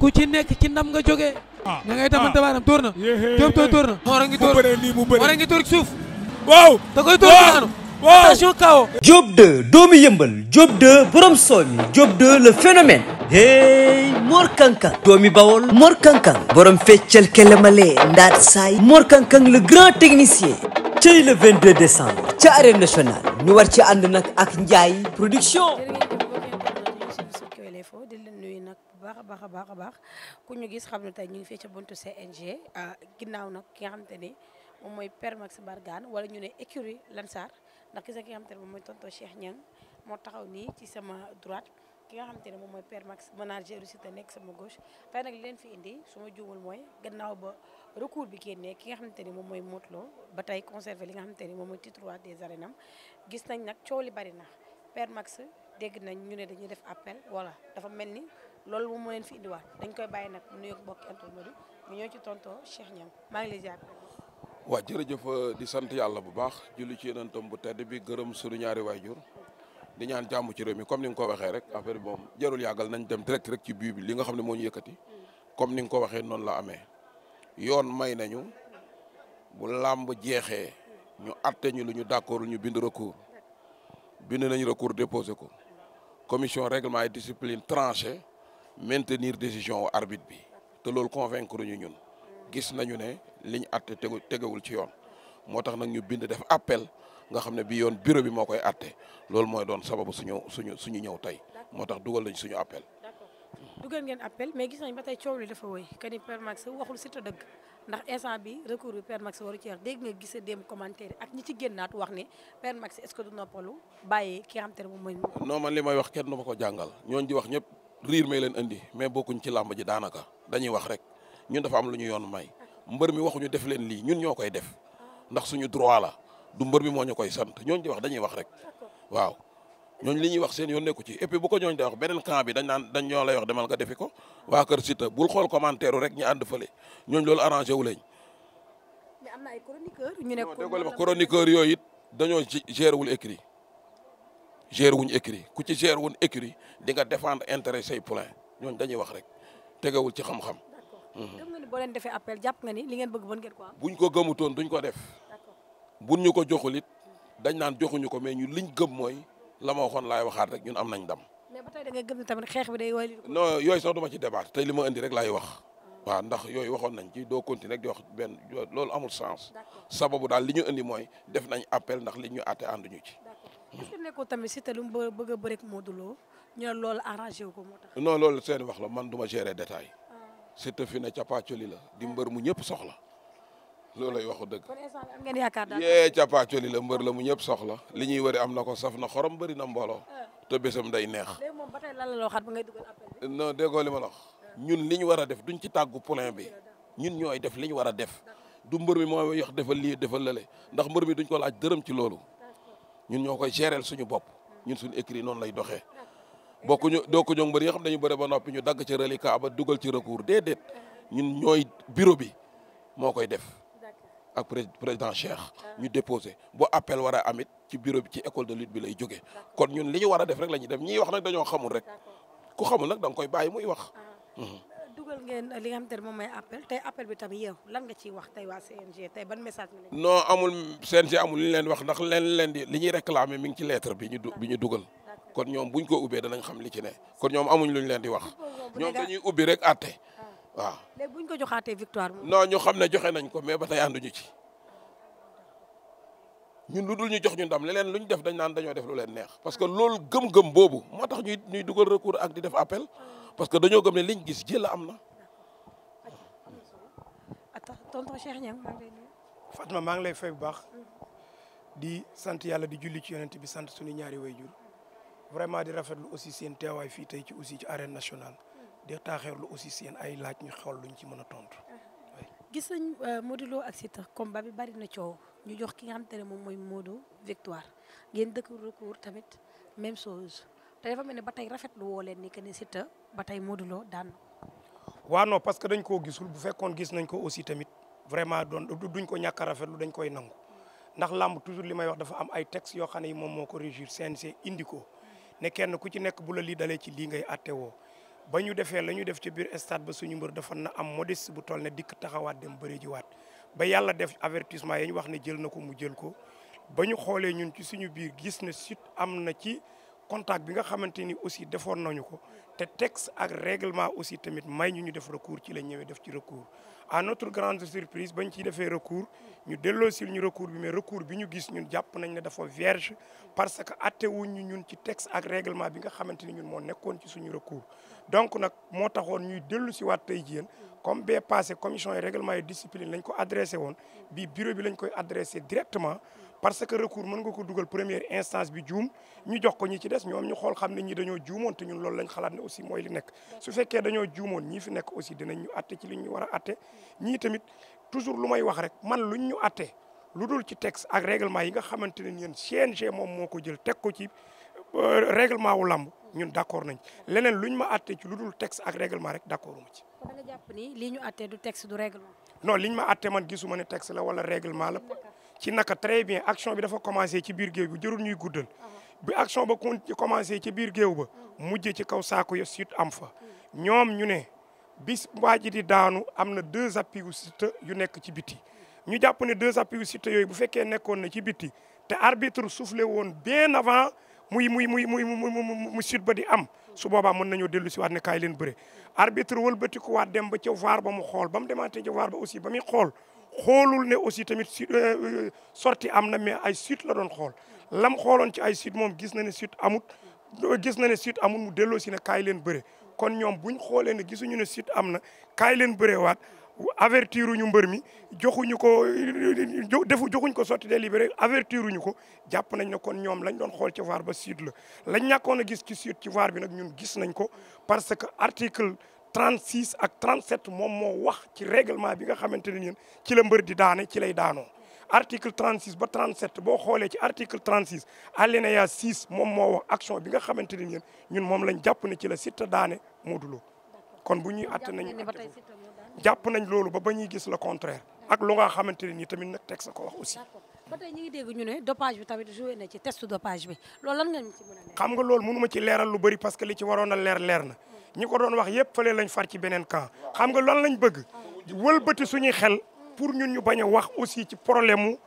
ku ci nekk ci ndam nga jógee. ah ngay damante ah. baaraam door na. Diop tooy door na. Mor a ngi door Mor a ngi door suuf. waaw da koy door daanu. waaw attention kawo. Diop 2 doomu yëmbal Diop 2 borom sooy mi Diop 2 le phénomène. hey Mor Kankang doomi Bawol Mor Kankang borom feccal kelemale ndaat saay Mor Kankang le grand technicien. ci le 22 décembre ca arène nationale ñu war ci ànd nag ak Ndiaye production. baax a baax a baax a baax ku ñu gis xam ne tey ñu ngi fii ca buntu CNG ah, ginnaaw nag ki nga xamante ni moom mooy wala ñu ne écurie Lansar ndax gis nga ki nga xamante ne moom mooy tonton Cheikh Niang moo taxaw nii ci sama droite ki nga xamante ne moom mooy Père Max manager Siteu te nekk sama gauche tey nag leen fi indi su ma juumul mooy gannaaw ba recours bi génnee ki nga xamante ni moom mooy Modou Lo ba tey conservé li nga xamante ni moom mooy titre roi des arènes am gis nañ nag coow li bari na Père Max dégg nañ ñu ne dañuy def appel voilà dafa mel ni loolu moom moo leen fi indiwaat dañ koy bàyyi nag mu nuyoog bokki antonori mu ñëw ci tonto Cheikh Niang maa ngi jërëjëf euh, di sant yàlla bu baax julli ci yonentam bu tedd bi gërëm sunu ñaari waajur di ñaan jàmm ci réew mi comme ni nga ko waxee rek affaire bi moom jarul yàggal nañ dem direct rek ci biir bi li nga xam ne moo ñu yëkkati comme ni nga ko waxee noonu la amee yoon may nañu bu làmb jeexee ñu atte ñu lu ñu d'accordul ñu bind recours bind nañu recours déposé ko commission règlement et discipline maintenir décision arbitre bi te loolu convaincre ñu ñun gis nañu ne liñ àtte tegu tegewul ci yoon moo tax nag ñu bind def appel nga xam ne bi yoon bureau bi moo koy àtte loolu mooy doon sababu suñu suñu suñu ñëw tey moo tax dugal nañ suñu appel. d'accord dugal ngeen appel mais gis nañ ba tey coow li dafa woy que ni Père waxul si te dëgg ndax instant bi recours bi Père Max waru ci wax nga gisee dem commentaire ak ñi ci génnaat wax ne Père Max est-ce que du noppalu bàyyi ki xam te ne mooy. wax kenn du ma ko jàngal ñooñu di wax ñëpp. riir may leen indi mais bokkuñ ci làmb ji daanaka dañuy wax rek ñun dafa am lu ñu yoon may mbër mi waxuñu def leen lii ñun ñoo koy def ndax suñu droit la du mbër mi moo ñu koy sant ñooñu di wax dañuy wax rek waaw ñooñu li ñuy wax seen yoon nekku ci et puis bu ko ñooñu da wax beneen camp bi dañ naan dañ ñoo wax demal nga defi ko waa Kër Siteu bul xool commentaire rek ñu ànd fële ñooñ loolu arrangé wu lañ. mais am na ay chroniqueurs ñu ne. chroniqueurs yooyu it dañoo géré wul écrit gérer wuñ écrit ku ci ger wuñ écrit di nga défendre intérêt say poulain dañuy wax rek tegewul ci xam-xam. gëm defee appel jàpp nga ni li ngeen bëgg mën ngeen buñ ko gëmutoon duñ ko def. buñ ñu ko joxul it dañ naan joxuñu ko mais ñu liñ gëm mooy la ma waxoon laay waxaat rek ñun am nañ ndam. mais ba tey da nga gëm tamit xeex bi day wali. non yooyu sax du ma ci débat tey li ma indi rek laay wax. waaw ndax yooyu waxoon nañ ci doo continuer rek di wax benn loolu amul sens. sababu daal li ñu indi mooy def nañ appel ndax li ñu àtte ànduñu ci. est-ce que nekkul tamit Siteu lu mu bëgg a bëri ak Modou Lo ñu arrangé wu ko moo tax. non loolu seen wax la man du ma gérer détail. Ah. Siteu fi ne capaacoli la di mbër mu ñëpp soxla. loolu lay waxu dëgg. yaakaar daal yee capaacoli la mbër la mu ñëpp soxla li ñuy wari am na ko saf na xorom bari na mbooloo. Ah. to bésam day neex. léegi moom ba tey lan la waxaat li ma la ah. ñun li ñu war a def duñ ci tàggu poulain bi ñun ñooy def li ñu war a def du mbër mi moo yax defal lii defal lale ndax mbër mi duñ ko laaj dërëm ci loolu ñun ñoo koy gérer suñu bopp ñun suñu écrit noonu lay doxee bokkuñu dooku ñoom bëri yoo xam ne dañu bëri ba noppi ñu dagg ci reliquat ba dugal ci recours déedéet ñun ñooy bureau bi moo koy def ak président Cheikh ñu déposé boo appel war a amit ci bureau bi ci école de lutte bi lay jóge kon ñun li ñu war a def rek la ñuy def ñi wax nag dañoo xamul rek ku xamul nag da koy bàyyi muy wax. Ah. Mhm. lan li nga xam te bi tam yow lan nga ciy wax tey waa CNG tey ban message. non amul CNG amul li ñu leen wax ndax leen leen di li ñuy réclamer mi ngi ci lettre bi ñu bi ñu dugal. kon ñoom buñ ko ubbe danañ xam li ci ne kon ñoom amuñ luñ leen di wax. ñoom dañuy ubbi rek àtte. Ah. waaw léegi buñ ko joxaatee victoire moom. non ñu xam ne joxe nañ ko mais ba tey ànduñu ci ñun nu dul ñu jox ñu ndam leneen luñ def dañ naan dañoo def lu leen neex. parce que ah. loolu gëm-gëm boobu moo tax ñuy ñuy dugal recours ak di def appel ah. parce que dañoo gëm ne liñ gis jël am na. tonton Cheikh Niang maa ngi Fatma maa ngi lay fay bu baax. di sant yàlla di julli ci yonent bi sant suñu ñaari wayjur vraiment di rafetlu aussi seen teewaay fii tey ci aussi ci arène nationale. di taaxeerlu aussi seen ay laaj ñu xool luñ ci mën a tontu. gis nañ euh, Modou Lo ak Siteu combat bi bari na coow ñu jox ki ne moom mooy Modou victoire ngeen dëkk recours tamit même chose te dafa mel ne ba tey rafetlu woo leen ni que ne ba tey Modou Lo daan. waaw non parce que dañ koo gisul bu fekkoon gis nañ ko aussi tamit vraiment doon duñ ko ñàkk a rafetlu dañ koy nangu ndax lamb toujours li may wax dafa am ay textes yoo xam ne yi moom moo ko régir CNG indi ko ne kenn ku ci nekk bu la lii dalee ci lii ngay atte woo ba ñu defee la ñu def ci biir stade ba suñu mbër dafa na am modeste bu toll ne dikk taxawaat dem bëre jiwaat ba yàlla def avertissement yi ñu wax ne jël na ko mu jël ko ba ñu xoolee ñun ci suñu biir gis ne sut am na ci contact bi nga xamante ni aussi defoon nañu ko te texte ak réglement aussi tamit may ñu ñu def recours ci la ñëwee def ci recours à notre grande surprise bañ ciy defee recours ñu delloo sil ñu recours bi mais recours bi ñu gis ñun jàpp nañ ne dafa vierge parce que atte wuñ ñu ñun ci texte ak réglement bi nga xamante ni ñun moo nekkoon ci suñu recours donc nag moo taxoon ñuy dellu si waat tey jiyéen comme bee passé commission yi règlement yi discipline lañ ko adressé woon bi bureau bi lañ koy adressé directement parce que recours mën nga ko dugal première instance bi juum ñu jox ko ñi ci des ñoom ñu xool xam ne ñi dañoo juumoon te ñun loolu lañ xalaat ne aussi mooy li nekk su fekkee dañoo juumoon ñii fi nekk aussi dinañ ñu atte ci lu ñu war a atte ñii tamit toujours lu may wax rek man luñ ñu atte lu dul ci texte ak règlement yi nga xamante ne yéen CNG moom moo ko jël teg ko ci euh, règlement wu lamb ñun d' accord nañ leneen luñ ma àttee ci lu dul texte ak règlement rek d' ma ci. kon lii ñu àttee du texte du règlement. non liñ ma atte man gisuma ne texte la wala règlement la. ci naka très bien action bi dafa commencé ci biir géew bi jërul ñuy guddal. Uh-huh. bi action ba commencé ci biir géew ba. Mm. mujjee ci kaw saako ya sut am fa. Mm. ñoom ñu ne bis waa ji di daanu am na deux appuis yu Siteu yu nekk ci bitti ñu jàpp ne deux appuis yu Siteu yooyu bu fekkee nekkoon na ci biti te arbitre soufflé woon bien avant. muy muy muy muy mu sud ba di am su boobaa mën nañoo dellu si waat ne kaay leen bëre arbitre wëlbatiku waat dem ba ca vaar ba mu xool ba mu demaatee ca vaar ba aussi ba muy xool xoolul ne aussi tamit sud euh, euh, sorti am na mais ay sud la doon xool lam xooloon ci ay sud moom gis na ne sud amut gis na ne sud amut mu delloo si ne kaay leen bëre kon ñoom buñ xoolee ne gisuñu ne sud am na kaay leen bëre waat ñu mbër mi joxuñu ko defu joxuñ ko sotti sortie délibérée avertiruñu ko jàpp nañ ne kon ñoom lañ doon xool ci VAR ba sud la lañ ñàkkoon a gis ci sud ci VAR bi nag ñun gis nañ ko parce que article 36 ak 37 moom moo wax ci règlement bi nga xamante ne ñun ci la mbër di daane ci lay daanoo article 36 ba 37 boo xoolee ci article 36 alinéa 6 moom moo wax action bi nga xamante ne ñun ñun moom lañ jàpp ne ci la Siteu daane Modou Lo jàpp nañ loolu ba ba ñuy gis la contraire ak lu nga xamante ne nii tamit nag teg sa ko wax aussi. ba ñu ngi dégg ñu ne dopage bi tamit joué na ci test dopage bi loolu lan xam nga loolu mënu ma ci leeral lu bari parce que li ci waroon a leer leer na ñi ko doon wax yëpp fële lañ far ci beneen camp xam nga lan lañ bëgg wëlbati suñuy xel pour ñun ñu bañ a wax aussi ci problème mu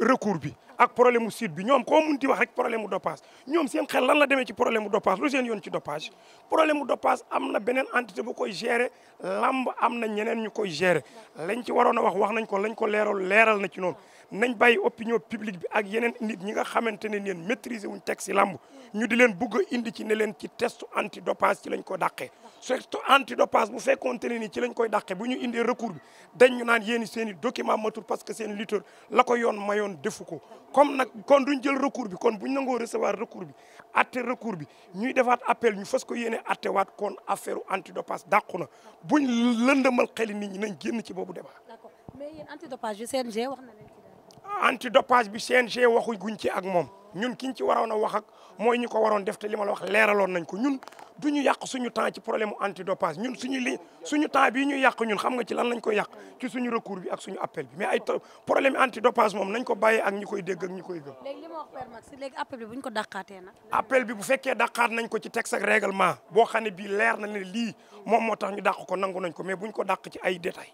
recours bi. ak problème mu sud bi ñoom koo mun di wax rek problème mu dopage ñoom seen xel lan la demee ci problème mu dopage lu seen yoon ci dopage problème mu dopage am na beneen entité bu koy gérer lamb am na ñeneen ñu ko gérer lañ ci waroon a wax wax nañ ko lañ ko leeral leeral na ci noonu nañ bàyyi opinion publique bi ak yeneen nit ñi nga xamante ne neen maîtriser wuñ teg si lamb ñu di leen bugg indi ci ne leen ci test anti dopage ci lañ ko dàqee surtout anti dopage bu fekkoonte ne ci lañ koy dàqee bu ñu indee recours bi dañ yéen i seen matul parce que seen lutteur la ko yoon mayoon defu ko comme nag kon duñ jël recours bi kon buñ nangoo recevoir recours bi atte recours bi ñuy defaat appel ñu fas ko yéene attewaat kon affaire antidopage dàqu na buñ lëndëmal xeli nit ñi nañ génn ci boobu débat. d'accord mais yéen antidopage bi CNG wax na leen ci dara. bi CNG waxuñ guñ ci ak moom. ñun kiñ ci waroon a wax ak mooy ñu ko waroon defte te li ma la wax leeraloon nañ ko ñun du ñu yàq suñu temps ci problème mu dopage ñun suñu li suñu temps bi ñu yàq ñun xam nga ci lan lañ ko yàq ci suñu recours bi ak suñu appel bi mais ay problème antidopage moom nañ ko bàyyee ak ñi koy dégg ak ñi koy gëm. léegi léegi appel bi bu ñu ko dàqaatee nag. appel bi bu fekkee dàqaat nañ ko ci texte ak règlement boo xam ne bii leer na ne lii moom moo tax ñu dàq ko nangu nañ ko mais buñ ko dàq ci ay détails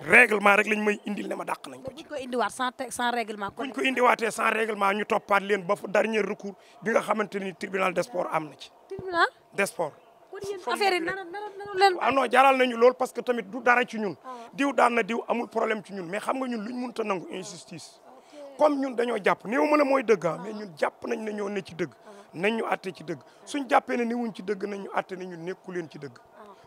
règlement rek lañ may indil ne ma dàq nañ ko ci. buñ ko indiwaat sans sans règlement. buñ ko indiwaatee sans règlement ñu toppaat leen ba fa dernier recours bi nga xamante ni tribunal des sports am na ci. tribunal des sports. affaire yi nana nana leen. waaw ah non jaral nañu loolu parce que tamit du dara ci ñun. Ah. diw daan na diw amul problème ci ñun mais xam nga ñun luñ mënut a nangu injustice. comme ñun dañoo jàpp néew ma la mooy dëgg ah, mais ñun jàpp nañ ne ñoo ne ci dëgg. nañ ñu àtte ci dëgg suñ jàppee ne ni wuñ ci dëgg nañ ñu àtte ne ñun nekku leen ci dëgg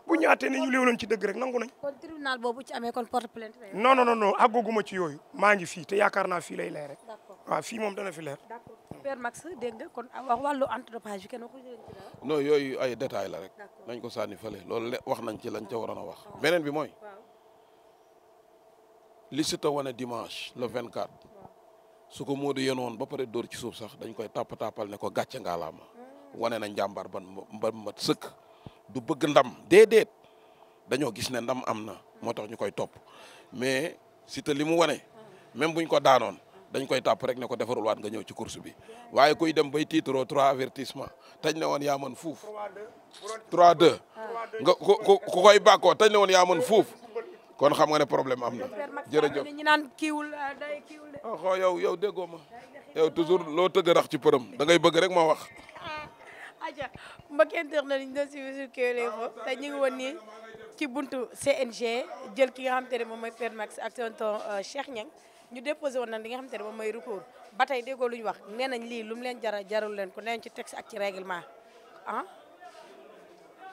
bu ñaatee ne ñu léewloon ci dëgg rek nangu nañ. kon tribunal boobu ci amee kon porte plainte non non non àgguguma ci yooyu maa ngi fi te yaakaar na fii lay leere rek. fii moom dana fi leer. d'accord Père kon wax wàllu antidopage bi kenn waxuñu leen yooyu ay détails la rek. nañ ko sànni lool loolu wax nañ ci lañ ca waroon a wax. beneen bi mooy. li si ta wane dimanche le 24. su ko Modou yenoon ba pare dóor ci suuf sax dañ koy tàpp tàppal ne ko gàcce ngaalaama. Hmm. wane na njàmbaar ban ba mat sëkk. du bëgg ndam déedéet dañoo gis ne ndam am na moo tax ñu koy topp mais Siteu li mu wane même buñ ko daanoon dañ koy tàpp rek ne ko defarul waat nga ñëw ci course bi waaye koy dem bay tiitaroo trois avertissement tañ ne woon yaa mën fuuf. 3 2 nga ku ku ku koy bàkkoo tañ ne woon yaa mën fuuf kon xam nga ne problème am na. jërëjëf ñi naan kiiwul euh, de. Oh, oh, yow yow déggoo ma yow toujours loo tëgg rax ci përëm da ngay bëgg rek ma wax. aja mbakenteex na liñ doon suivi sur Kewel Info te ci buntu CNG jël ki nga xam te ne moom mooy Père Max ak tonton euh, Cheikh Niang ñu déposé woon nag li nga xam te ne moom mooy recours ba tey déggoo lu ñu wax nee nañ li lu mu leen jara jarul leen ko nee nañ ci texte ak ci règlement ah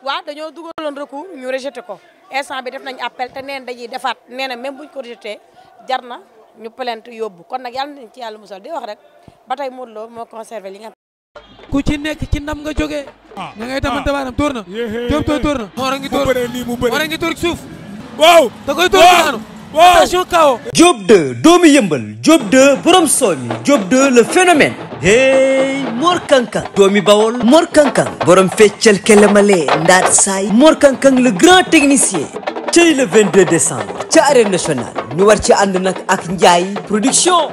waaw dañoo dugaloon recours ñu rejeté ko instant bi def nañ appel te neen dañuy defaat nee na même buñ ko rejeté jar na ñu plainte yóbbu kon nag yàlla nañ ci yàlla musal di wax rek ba tey Modou moo ku ci nekk ci nam nga joge ah ña ngay demante ah. baaraam tóor na. Diop tooy a ngi ngi tóor ci suuf. waaw da koy tóor daanu. waaw attention K.O. Diop 2 doomu yëmbal Diop borom soomi Diop 2 le phénomène. hey Mor Kankang doomi Bawol Mor Kankang borom feccal kelemale ndaat saay Mor Kankang le grand technicien. cey le 22 décembre ci arène nationale ñu war ci ànd nag ak Ndiaye production.